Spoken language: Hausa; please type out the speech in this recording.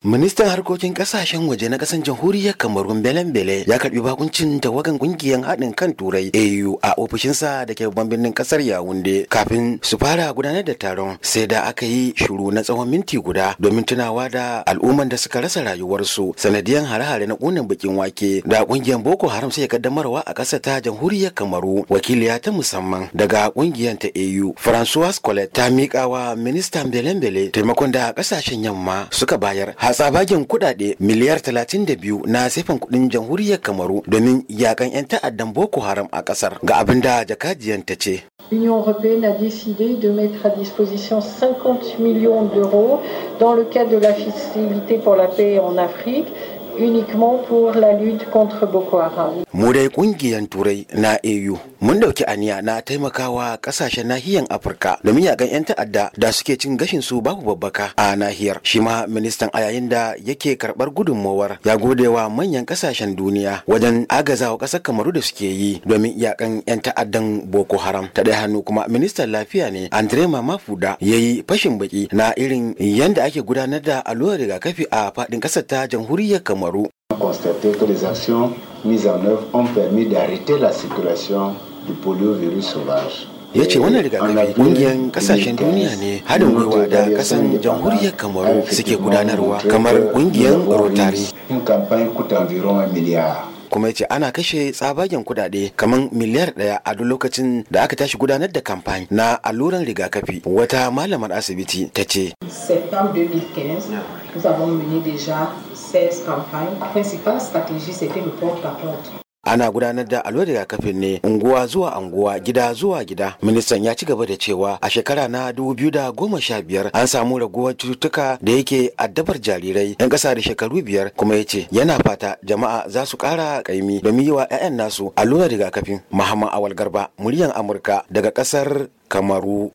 Ministan harkokin kasashen waje na kasan jamhuriyar Kamarun Belen Bele ya karbi bakuncin tawagan kungiyar haɗin kan Turai AU a ofishinsa da ke babban birnin kasar Yaounde kafin su fara gudanar da taron sai da aka yi shiru na tsawon minti guda domin tunawa da al'umman da suka rasa rayuwarsu sanadiyan hare-hare na ƙunin bakin wake da kungiyar Boko Haram sai kaddamarwa a ƙasar ta jamhuriyar Kamaru wakiliya ta musamman daga kungiyar ta AU François Colette ta miƙa wa ministan Belen Bele taimakon da kasashen yamma suka bayar a tsabagen kuɗaɗe miliyar 32 na sifan kuɗin jamhuriyar kamaru domin yakan 'yan ta'addan boko haram a ƙasar ga abin da jakajiyar ta ce L'Union européenne a décidé de mettre à disposition 50 millions d'euros dans le cadre de la facilité pour la paix en Afrique uniquement pour la lutte contre Boko Haram. Mu dai kungiyar Turai na EU mun dauki aniya na taimakawa kasashen nahiyar afirka domin yakan 'yan ta'adda da suke cin gashin su babu babbaka a nahiyar shi ma ministan a yayin da yake karbar gudunmowar ya gode wa manyan kasashen duniya wajen agazawa kasar kamaru da suke yi domin yakan 'yan ta'addan boko haram ta ɗaya hannu kuma ministan lafiya ne andre mamafuda ya yi fashin baki na irin yadda ake gudanar da allurar rigakafi a faɗin ƙasar ta jamhuriyar kamaru constater que les actions mises en œuvre ont permis d'arrêter la circulation ya ce wannan rigakafi kungiyar kasashen duniya ne haɗin gwiwa da kasan jamhuriyar kamaru suke gudanarwa kamar kungiyar rotari kuma ya ce ana kashe tsabagen kudade kamar miliyar daya a duk lokacin da aka tashi gudanar da kamfani na alluran rigakafi wata malamar asibiti ta ce Nous avons mené déjà 16 campagnes. La principale stratégie, c'était le porte-à-porte. ana gudanar da allurar rigakafin ne unguwa zuwa unguwa gida zuwa gida ministan ya ci gaba da cewa a shekara na da goma sha biyar an samu raguwar cututtuka da yake addabar jarirai yan ƙasa da shekaru biyar kuma ya ce yana fata jama'a za su ƙara ƙaimi domin yi wa 'ya'yan nasu allurar rigakafin muhammad awal garba muryan amurka daga ƙasar kamaru